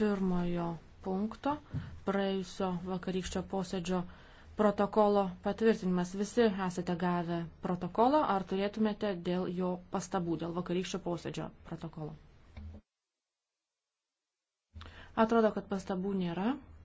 pirmojo punkto praėjusio vakarykščio posėdžio protokolo patvirtinimas. Visi esate gavę protokolą, ar turėtumėte dėl jo pastabų, dėl vakarykščio posėdžio protokolo? Atrodo, kad pastabų nėra.